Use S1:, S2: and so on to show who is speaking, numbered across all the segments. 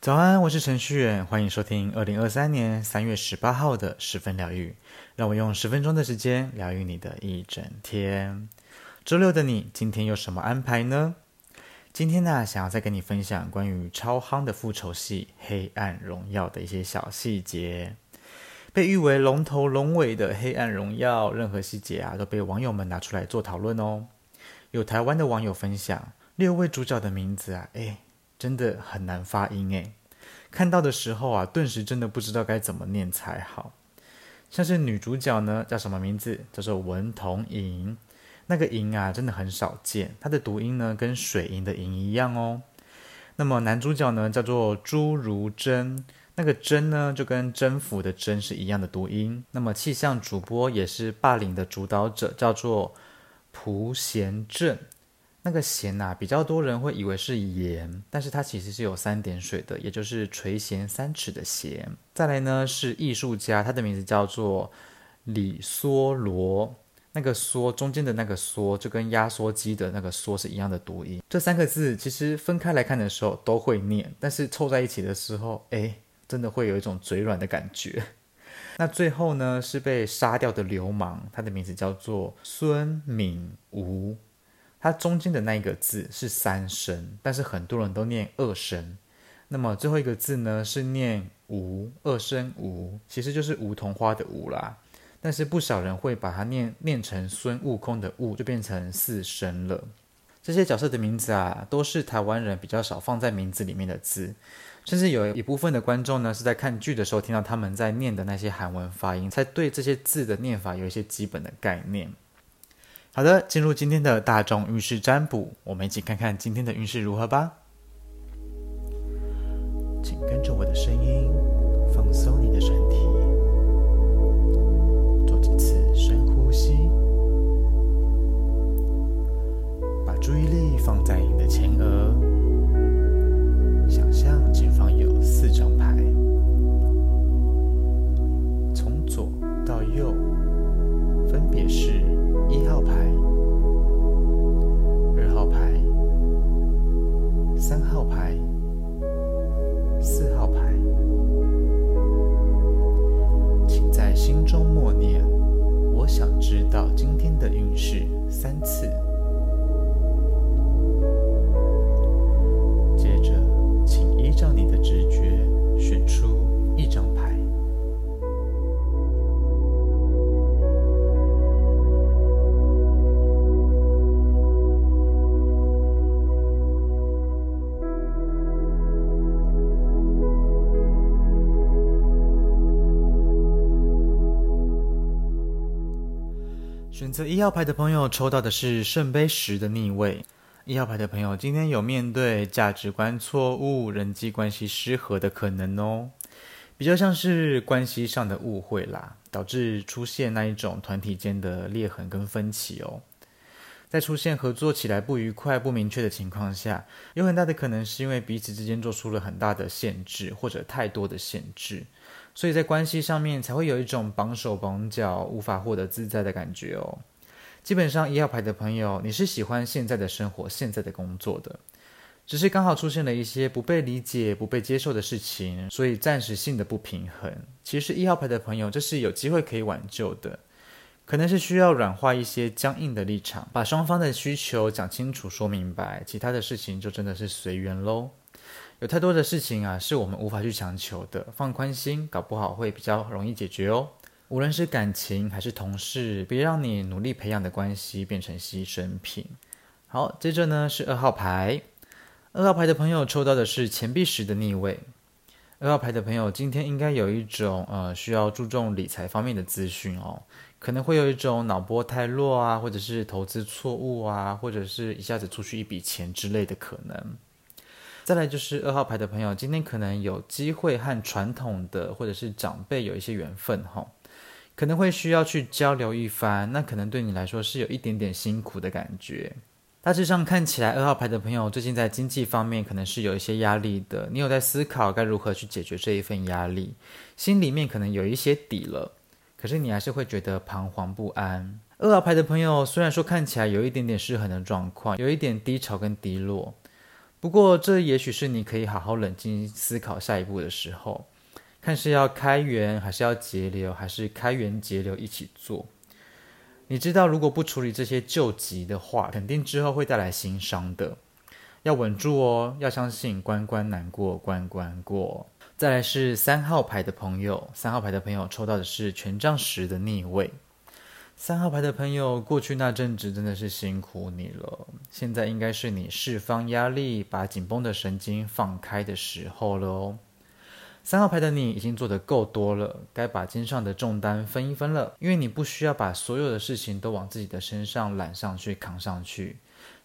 S1: 早安，我是程序員，歡迎收聽二零二三年三月十八號的十分療癒。讓我用十分鐘的時間療癒你的一整天。週六的你，今天有什麼安排呢？今天呢、啊，想要再跟你分享關於超夯的復仇戲《黑暗榮耀》的一些小細節。被譽為龍頭龍尾的《黑暗榮耀》，任何細節啊都被網友們拿出來做討論哦。有台灣的網友分享，六位主角的名字啊，哎，真的很難發音哎。看到的時候啊，頓時真的不知道該怎麼念才好。像是女主角呢，叫什麼名字？叫做文同珢，那個珢啊，真的很少見，它的讀音呢跟水銀的銀一樣哦。那麼男主角呢，叫做朱如真。那個“真”呢，就跟“征服”的“征”是一樣的讀音。那麼氣象主播也是霸凌的主導者，叫做蒲涎正。那個“涎”啊，比較多人會以為是“鹽”，但是它其實是有三點水的，也就是垂涎三尺的“涎”。再來呢是藝術家，他的名字叫做李梭羅。那個“梭”中間的那個“梭”，就跟壓縮機的那個“梭”是一樣的讀音。這三個字其實分開來看的時候都會念，但是湊在一起的時候，哎。真的會有一種嘴軟的感覺。 那最後呢，是被殺掉的流氓，他的名字叫做孫敏吾，他中間的那一個字是三聲，但是很多人都念二聲。那麼最後一個字呢，是念吾二聲吾，其實就是梧桐花的梧啦。但是不少人會把它念念成孫悟空的悟，就變成四聲了。這些角色的名字啊，都是台灣人比較少放在名字裡面的字。甚至有一部分的觀眾呢，是在看劇的時候聽到他們在念的那些韓文發音，才對這些字的念法有一些基本的概念。好的，進入今天的大眾運勢占卜，我們一起看看今天的運勢如何吧。請跟着我的聲音，放鬆你的身體，做幾次深呼吸，把注意力放在你的前額。四張牌，從左到右，分別是一號牌、二號牌、三號牌。選擇一號牌的朋友抽到的是聖杯十的逆位。一號牌的朋友，今天有面對價值觀錯誤、人際關係失和的可能哦。比較像是關係上的誤會啦，導致出現那一種團體間的裂痕跟分歧哦。在出現合作起來不愉快、不明確的情況下，有很大的可能是因為彼此之間做出了很大的限制，或者太多的限制。所以在關係上面才會有一種綁手綁腳、無法獲得自在的感覺哦。基本上一號牌的朋友，你是喜歡現在的生活、現在的工作的，只是剛好出現了一些不被理解、不被接受的事情，所以暫時性的不平衡。其實一號牌的朋友，這是有機會可以挽救的，可能是需要軟化一些僵硬的立場，把雙方的需求講清楚、說明白，其他的事情就真的是隨緣嘍。有太多的事情啊，是我們無法去強求的，放寬心，搞不好會比較容易解決哦。無論是感情還是同事，別讓你努力培養的關係變成犧牲品。好，接着呢是二號牌，二號牌的朋友抽到的是錢幣十的逆位，二號牌的朋友今天應該有一種呃需要注重理財方面的資訊哦，可能會有一種腦波太弱啊，或者是投資錯誤啊，或者是一下子出去一筆錢之類的可能。再來就是二號牌的朋友，今天可能有機會和傳統的或者是長輩有一些緣分吼，可能會需要去交流一番，那可能對你來說是有一點點辛苦的感覺。大致上看起來，二號牌的朋友最近在經濟方面可能是有一些壓力的，你有在思考該如何去解決這一份壓力，心裡面可能有一些底了，可是你還是會覺得彷徨不安。二號牌的朋友雖然說看起來有一點點失衡的狀況，有一點低潮跟低落。不過，這也許是你可以好好冷靜思考下一步的時候，看是要開源還是要節流，還是開源節流一起做。你知道，如果不處理這些舊疾的話，肯定之後會帶來新傷的。要穩住哦，要相信關關難過，關關過。再來是三號牌的朋友，三號牌的朋友抽到的是權杖十的逆位。三號牌的朋友，過去那陣子真的是辛苦你了。現在應該是你釋放壓力、把緊繃的神經放開的時候了。三號牌的你已經做得夠多了，該把肩上的重擔分一分了。因為你不需要把所有的事情都往自己的身上攬上去、扛上去。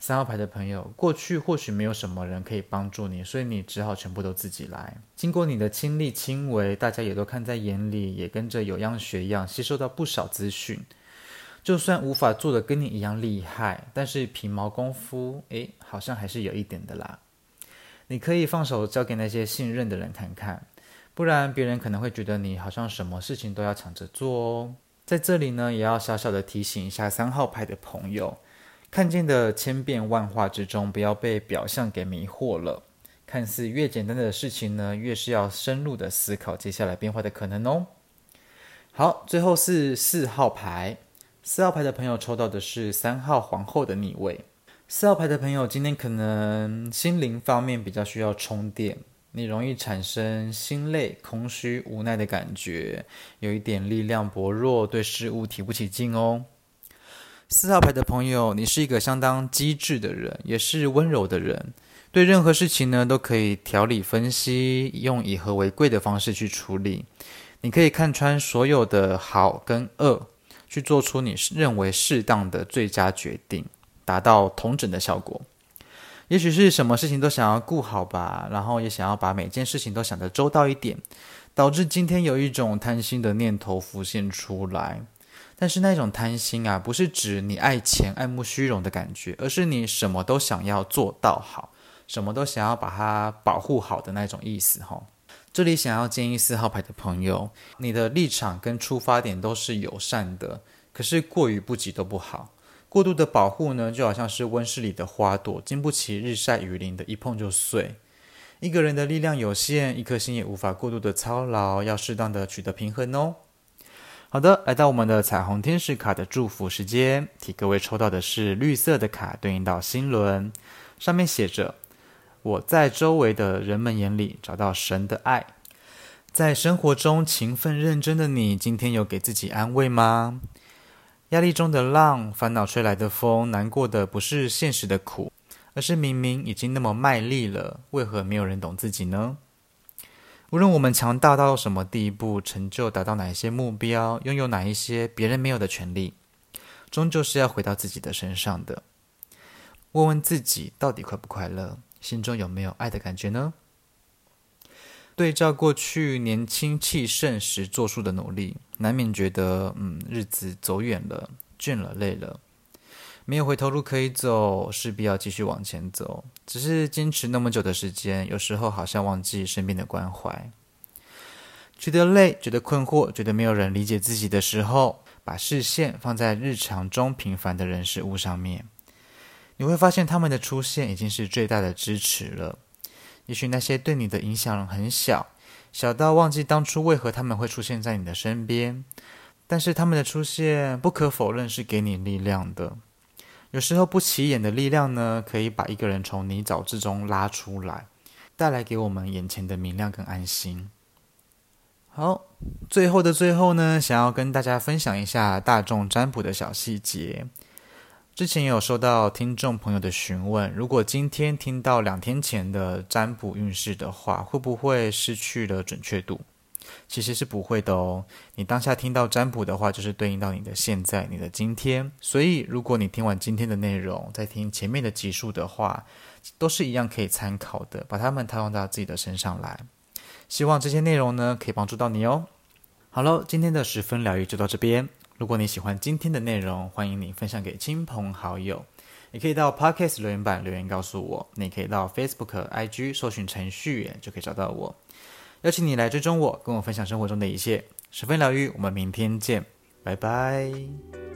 S1: 三號牌的朋友，過去或許沒有什麼人可以幫助你，所以你只好全部都自己來。經過你的親力親為，大家也都看在眼裡，也跟着有樣學樣，吸收到不少資訊。就算無法做得跟你一樣厲害，但是皮毛功夫，誒，好像還是有一點的啦。你可以放手交給那些信任的人看看，不然別人可能會覺得你好像什麼事情都要搶着做哦。在這裡呢，也要小小的提醒一下三號牌的朋友，看見的千變萬化之中，不要被表象給迷惑了。看似越簡單的事情呢，越是要深入的思考接下來變化的可能哦。好，最後是四號牌。四號牌的朋友抽到的是三號皇後的逆位。四號牌的朋友今天可能心靈方面比較需要充電，你容易產生心累、空虛、無奈的感覺，有一點力量薄弱，對事物提不起勁哦。四號牌的朋友，你是一個相當機智的人，也是溫柔的人，對任何事情呢都可以條理分析，用以和為貴的方式去處理。你可以看穿所有的好跟惡。去做出你認為適當的最佳決定，達到同整的效果。也許是什麼事情都想要顧好吧，然後也想要把每件事情都想得周到一點，導致今天有一種貪心的念頭浮現出來。但是那種貪心啊，不是指你愛錢、愛慕虛榮的感覺，而是你什麼都想要做到好，什麼都想要把它保護好的那種意思，吼。這裡想要建議四號牌的朋友，你的立場跟出發點都是友善的，可是過於不及都不好。過度的保護呢，就好像是溫室裡的花朵，經不起日曬雨淋的，一碰就碎。一個人的力量有限，一顆心也無法過度的操勞，要適當的取得平衡哦。好的，來到我們的彩虹天使卡的祝福時間，替各位抽到的是綠色的卡，對應到心輪，上面寫着。我在周圍的人們眼裡找到神的愛，在生活中勤奮認真的你，今天有給自己安慰嗎？壓力中的浪，煩惱吹來的風，難過的不是現實的苦，而是明明已經那麼賣力了，為何沒有人懂自己呢？無論我們強大到什麼地步，成就達到哪一些目標，擁有哪一些別人沒有的權利，終究是要回到自己的身上的。問問自己，到底快不快樂？心中有沒有愛的感覺呢？對照過去年輕氣盛時做出的努力，難免覺得，嗯，日子走遠了，倦了，累了，沒有回頭路可以走，勢必要繼續往前走。只是堅持那麼久的時間，有時候好像忘記身邊的關懷，覺得累，覺得困惑，覺得沒有人理解自己的時候，把視線放在日常中平凡的人事物上面。你會發現他們的出現已經是最大的支持了。也許那些對你的影響很小，小到忘記當初為何他們會出現在你的身邊。但是他們的出現不可否認是給你力量的。有時候不起眼的力量呢，可以把一個人從泥沼之中拉出來，帶來給我們眼前的明亮跟安心。好，最後的最後呢，想要跟大家分享一下大眾占卜的小細節。之前也有收到聽眾朋友的詢問，如果今天聽到兩天前的占卜運勢的話，會不會失去了準確度？其實是不會的哦。你當下聽到占卜的話，就是對應到你的現在、你的今天。所以，如果你聽完今天的內容，再聽前面的集數的話，都是一樣可以參考的，把它們套用到自己的身上來。希望這些內容呢，可以幫助到你哦。好了，今天的十分療癒就到這邊。如果你喜歡今天的內容，歡迎你分享給親朋好友。你可以到 Podcast 留言板留言告訴我。你可以到 Facebook、IG 搜尋程序員就可以找到我。邀請你來追蹤我，跟我分享生活中的一切，十分療癒。我們明天見，拜拜。